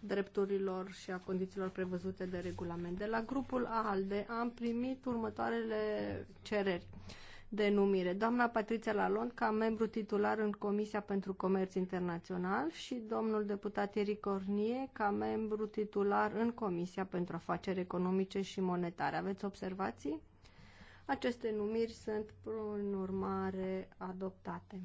drepturilor și a condițiilor prevăzute de regulament. De la grupul ALDE am primit următoarele cereri de numire. Doamna Patricia Lalond ca membru titular în Comisia pentru Comerț Internațional și domnul deputat Eric Cornie ca membru titular în Comisia pentru Afaceri Economice și Monetare. Aveți observații? Aceste numiri sunt, prin urmare, adoptate.